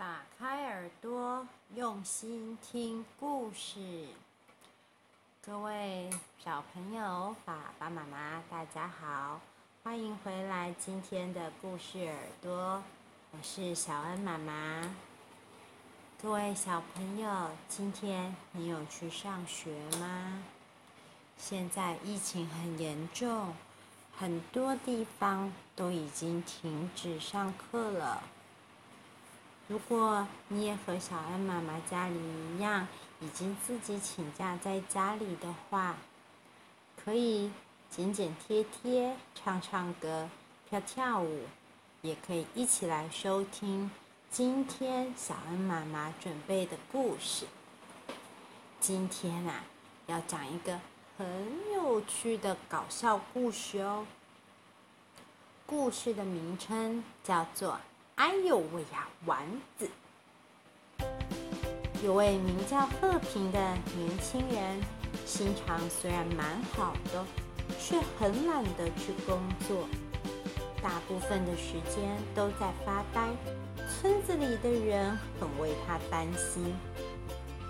打開耳朵，用心聽故事。各位小朋友、爸爸媽媽，大家好，歡迎回來。今天的故事耳朵，我是小恩媽媽。各位小朋友，今天你有去上學嗎？現在疫情很嚴重，很多地方都已經停止上課了。如果你也和小恩媽媽家裡一樣，已經自己請假在家裡的話，可以剪剪貼貼，唱唱歌，跳跳舞，也可以一起來收聽今天小恩媽媽準備的故事。今天啊，要講一個很有趣的搞笑故事哦。故事的名稱叫做。哎呦喂呀、啊！丸子，有位名叫賀平的年輕人，心腸雖然蠻好的，卻很懶得去工作，大部分的時間都在發呆。村子裡的人很為他擔心。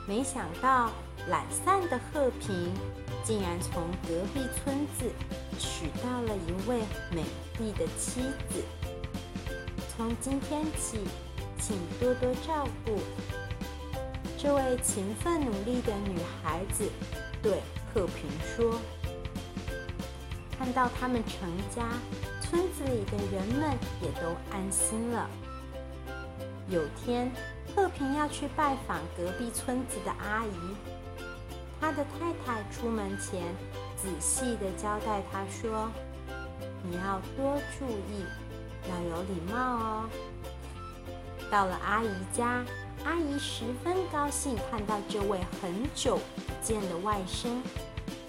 沒想到，懶散的賀平竟然從隔壁村子娶到了一位美麗的妻子。從今天起，請多多照顧這位勤奮努力的女孩子。”對賀平說。看到他們成家，村子裡的人們也都安心了。有天，賀平要去拜訪隔壁村子的阿姨，他的太太出門前仔細地交代他說：“你要多注意。”要有禮貌哦。到了阿姨家，阿姨十分高興看到這位很久不見的外甥，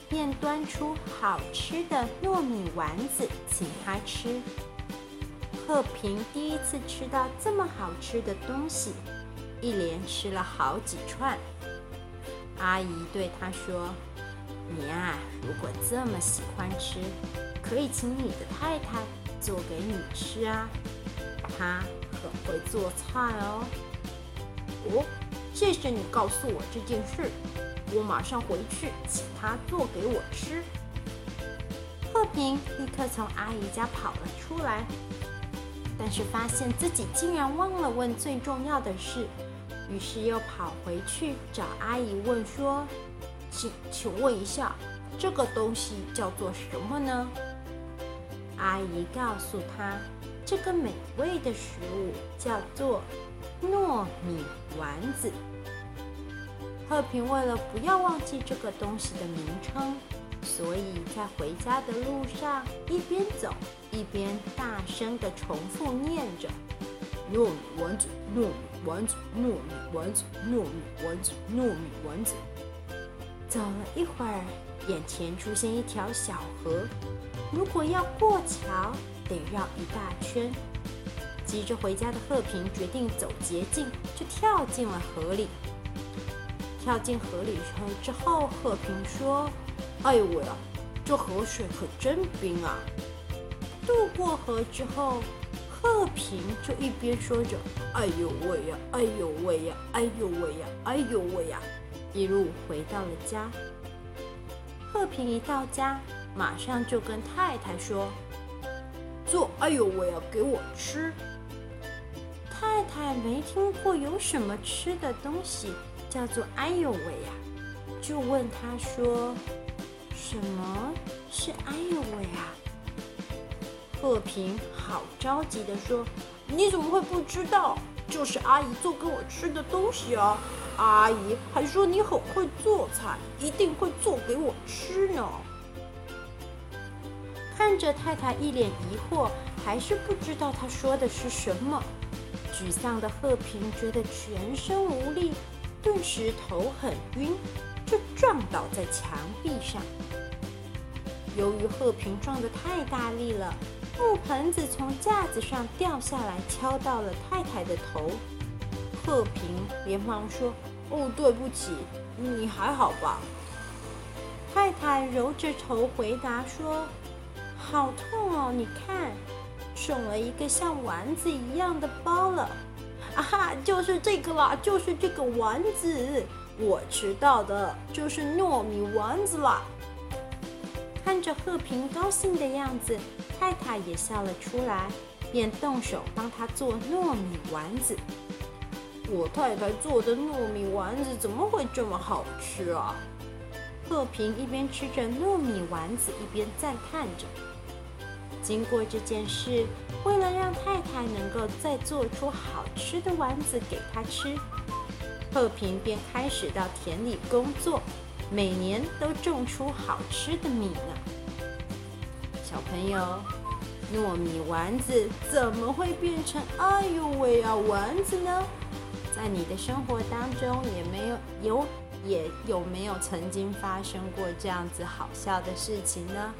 便端出好吃的糯米丸子請他吃。賀平第一次吃到這麼好吃的東西，一連吃了好幾串。阿姨對他說：“你呀，如果這麼喜歡吃，可以請你的太太。”做給你吃啊，他很會做菜哦。哦，謝謝你告訴我這件事，我馬上回去請他做給我吃。賀平立刻從阿姨家跑了出來，但是發現自己竟然忘了問最重要的事，於是又跑回去找阿姨問說：“請，請問一下，這個東西叫做什麼呢？”阿姨告訴他，這個美味的食物叫做糯米丸子。賀平為了不要忘記這個東西的名稱，所以在回家的路上一邊走一邊大聲地重複念着：“糯米丸子，糯米丸子，糯米丸子，糯米丸子，糯米丸子，糯米丸子。”走了一會兒，眼前出現一條小河。如果要過橋，得繞一大圈。急着回家的賀平決定走捷徑，就跳進了河裡。跳進河裡車之後，賀平說：“哎呦喂呀，這河水可真冰啊！”渡過河之後，賀平就一邊說着：“哎呦喂呀，哎呦喂呀，哎呦喂呀，哎呦喂呀”，一路回到了家。賀平一到家。馬上就跟太太說：“做哎呦喂呀給我吃。”太太沒聽過有什麼吃的東西叫做“哎呦喂”呀，就問他說：“什麼是‘哎呦喂’啊？”賀平好着急的說：“你怎麼會不知道？就是阿姨做給我吃的東西啊！阿姨還說你很會做菜，一定會做給我吃呢。”看着太太一臉疑惑，還是不知道他說的是什麼。沮喪的賀平覺得全身無力，頓時頭很暈，就撞倒在牆壁上。由於賀平撞得太大力了，木盆子從架子上掉下來，敲到了太太的頭。賀平連忙說：“哦，對不起，你還好吧？”太太揉着頭回答說。好痛哦！你看，腫了一個像丸子一樣的包了。啊哈，就是這個啦，就是這個丸子，我知道的，就是糯米丸子啦。看着賀平高興的樣子，太太也笑了出來，便動手幫他做糯米丸子。我太太做的糯米丸子怎麼會這麼好吃啊？賀平一邊吃着糯米丸子，一邊讚嘆着。經過這件事，為了讓太太能夠再做出好吃的丸子給他吃，賀平便開始到田裡工作，每年都種出好吃的米呢。小朋友，糯米丸子怎麼會變成“哎呦喂啊”丸子呢？在你的生活當中也沒有有也有沒有曾經發生過這樣子好笑的事情呢？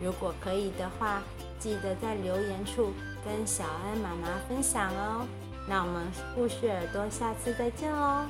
如果可以的話，記得在留言處跟小恩媽媽分享哦。那我們故事耳朵下次再見嘍。